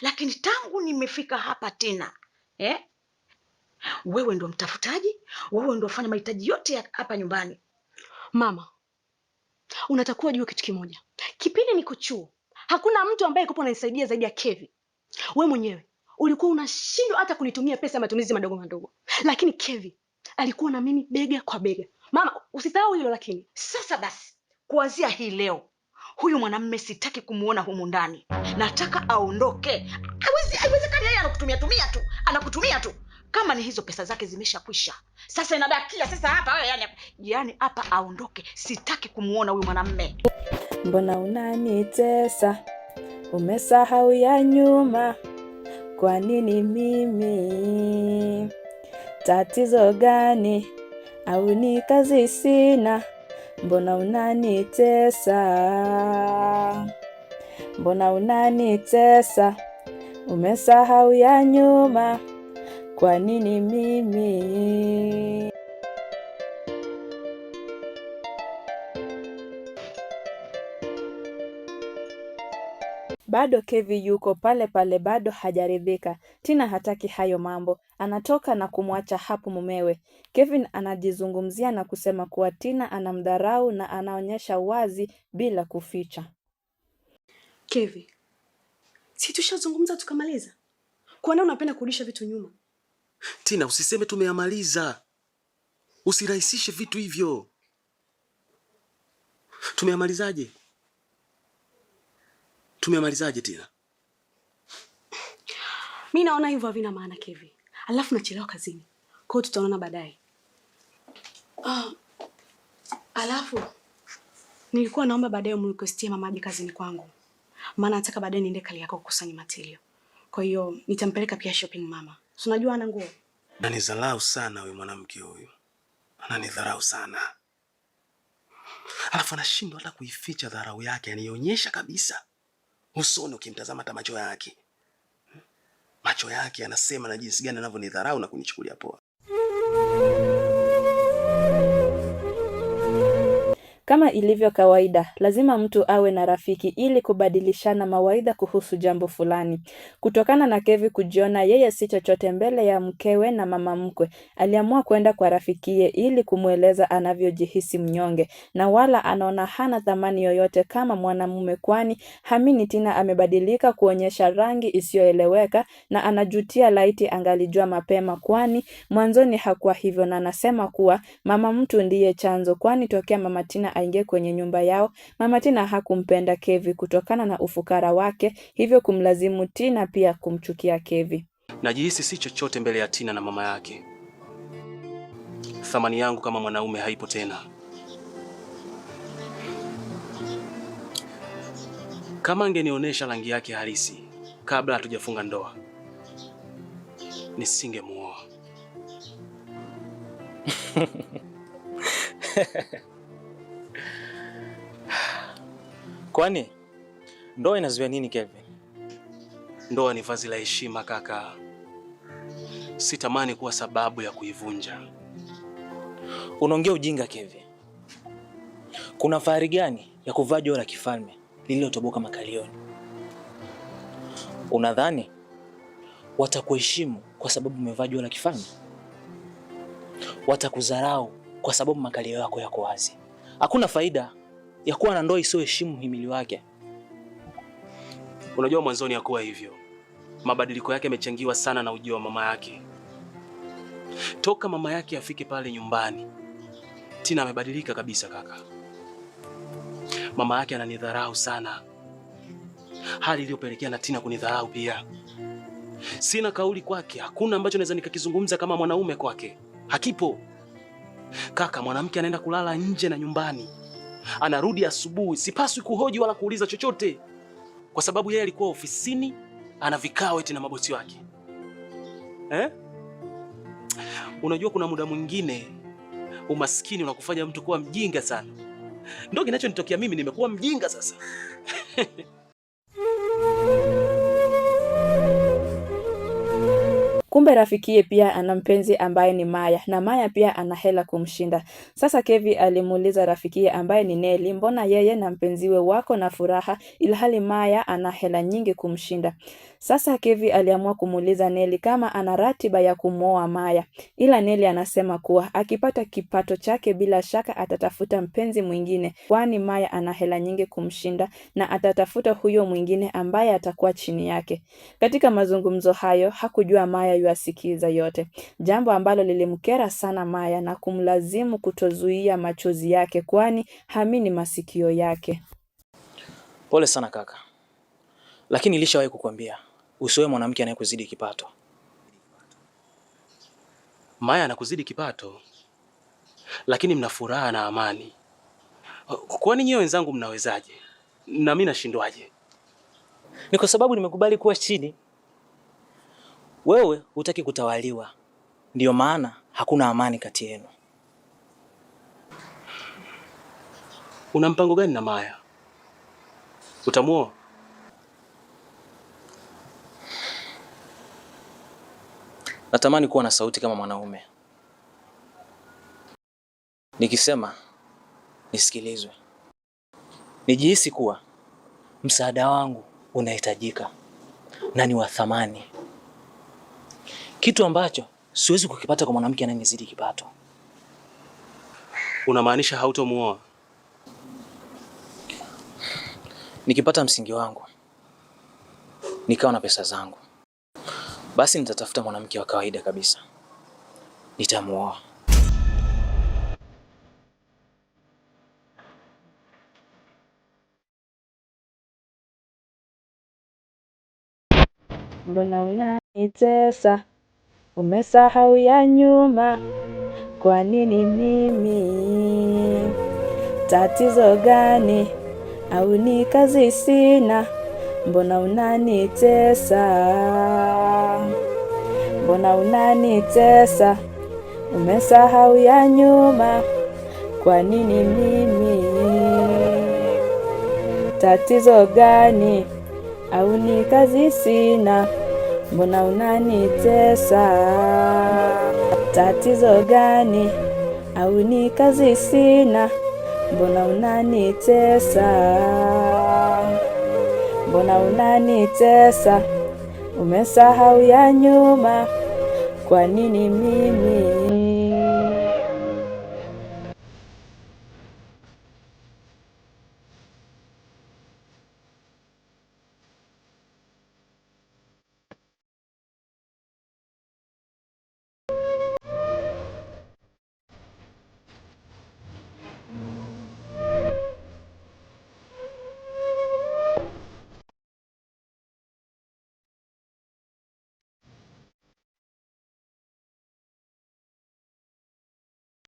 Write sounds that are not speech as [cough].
lakini tangu nimefika hapa tena eh? wewe ndo mtafutaji, wewe ndo fanya mahitaji yote hapa nyumbani. Mama, unatakuwa jua kitu kimoja, kipindi niko chuo hakuna mtu ambaye kupo ananisaidia zaidi ya Kevi. We mwenyewe ulikuwa unashindwa hata kunitumia pesa ya matumizi madogo madogo, lakini Kevi alikuwa na mimi bega kwa bega. Mama, usisahau hilo. Lakini sasa basi, kuanzia hii leo huyu mwanamme sitaki kumuona humu ndani nataka aondoke haiwezekani yeye anakutumia tumia tu anakutumia tu kama ni hizo pesa zake zimeshakwisha sasa inadakia sasa hapa wewe yani yani hapa aondoke sitaki kumuona huyu mwanamme mbona unanitesa umesahau ya nyuma kwa nini mimi tatizo gani au ni kazi sina Mbona unanitesa? Mbona unanitesa? Umesahau ya nyuma, kwa nini mimi? Bado kevi yuko pale pale, bado hajaridhika. Tina hataki hayo mambo, anatoka na kumwacha hapo mumewe. Kevin anajizungumzia na kusema kuwa Tina anamdharau na anaonyesha wazi bila kuficha. Kevi, si tushazungumza tukamaliza? Kwa nini unapenda kurudisha vitu nyuma? Tina, usiseme tumeyamaliza, usirahisishe vitu hivyo. Tumeyamalizaje? Tumemalizaje tena? Mi naona hivyo havina maana Kevin. Alafu nachelewa kazini. kwao, tutaonana baadaye. Uh, Alafu nilikuwa naomba baadaye umrequestie mama aje kazini kwangu. Maana nataka baadaye niende kali yako kukusanya material. Kwa hiyo nitampeleka pia shopping mama. Si unajua ana nguo. Ananidharau sana huyu mwanamke huyu. Ananidharau sana. Alafu anashindwa hata kuificha dharau yake, anionyesha kabisa usoni, ukimtazama hata macho yake, hmm? macho yake anasema na jinsi gani anavyonidharau na kunichukulia poa. Kama ilivyo kawaida, lazima mtu awe na rafiki ili kubadilishana mawaidha kuhusu jambo fulani. Kutokana na Kevi kujiona yeye si chochote mbele ya mkewe na mama mkwe, aliamua kwenda kwa rafikiye ili kumweleza anavyojihisi mnyonge na wala anaona hana thamani yoyote kama mwanamume, kwani hamini Tina amebadilika kuonyesha rangi isiyoeleweka na anajutia laiti angalijua mapema, kwani mwanzoni hakuwa hivyo, na anasema kuwa mama mtu ndiye chanzo, kwani tokea mama Tina aingie kwenye nyumba yao. Mama Tina hakumpenda Kevi kutokana na ufukara wake, hivyo kumlazimu Tina pia kumchukia Kevi. Najihisi si chochote mbele ya Tina na mama yake. Thamani yangu kama mwanaume haipo tena. Kama angenionyesha rangi yake halisi kabla hatujafunga ndoa, nisingemuoa. [laughs] Kwani ndoa inazuia nini Kelvin? Ndoa ni vazi la heshima kaka, sitamani kuwa sababu ya kuivunja. Unaongea ujinga Kelvin. Kuna fahari gani ya kuvaa joho la kifalme lililotoboka makalioni? Unadhani watakuheshimu kwa sababu umevaa joho la kifalme? Watakudharau kwa sababu makalio yako yako wazi. Hakuna faida ya kuwa na ndoa isiyoheshimu himili wake. Unajua, mwanzoni kuwa hivyo. Mabadiliko yake yamechangiwa sana na ujio wa mama yake. Toka mama yake afike pale nyumbani, Tina amebadilika kabisa kaka. Mama yake ananidharau sana, hali iliyopelekea na Tina kunidharau pia. Sina kauli kwake, hakuna ambacho naweza nikakizungumza kama mwanaume kwake, hakipo kaka. Mwanamke anaenda kulala nje na nyumbani anarudi asubuhi, sipaswi kuhoji wala kuuliza chochote, kwa sababu yeye alikuwa ofisini ana vikao eti na mabosi wake eh? Unajua, kuna muda mwingine umaskini unakufanya mtu kuwa mjinga sana. Ndio kinachonitokea mimi, nimekuwa mjinga sasa [laughs] Kumbe rafikiye pia ana mpenzi ambaye ni Maya na Maya pia ana hela kumshinda. Sasa Kevi alimuuliza rafikiye ambaye ni Neli, mbona yeye na mpenziwe wako na furaha ilhali Maya ana hela nyingi kumshinda? Sasa Kevi aliamua kumuuliza Neli kama ana ratiba ya kumwoa Maya, ila Neli anasema kuwa akipata kipato chake bila shaka atatafuta mpenzi mwingine, kwani Maya ana hela nyingi kumshinda na atatafuta huyo mwingine ambaye atakuwa chini yake. Katika mazungumzo hayo hakujua Maya yuasikiza yote, jambo ambalo lilimkera sana Maya na kumlazimu kutozuia machozi yake, kwani hamini masikio yake. Pole sana kaka, lakini ilishawahi kukwambia usiwe mwanamke anayekuzidi kipato. Maya anakuzidi kipato, lakini mna furaha na amani. Kwani nyiwe wenzangu mnawezaje na mimi nashindwaje? Ni kwa sababu nimekubali kuwa chini wewe hutaki kutawaliwa, ndiyo maana hakuna amani kati yenu. Una mpango gani na Maya? Utamuoa? Natamani kuwa na sauti kama mwanaume, nikisema nisikilizwe, nijihisi kuwa msaada wangu unahitajika na ni wa thamani kitu ambacho siwezi kukipata kwa mwanamke anayenizidi kipato. Unamaanisha hautomuoa? Nikipata msingi wangu nikawa na pesa zangu, basi nitatafuta mwanamke wa kawaida kabisa, nitamuoa. Mbona unanitesa? Umesahau ya nyuma, kwa nini mimi? Tatizo gani? Au ni kazi sina? Mbona unanitesa? Mbona unanitesa? Umesahau ya nyuma, kwa nini mimi? Tatizo gani? Au ni kazi sina? mbona unanitesa? Tatizo gani? Au ni kazi sina? Mbona unanitesa? Mbona unanitesa? Umesahau ya nyuma, kwa nini mimi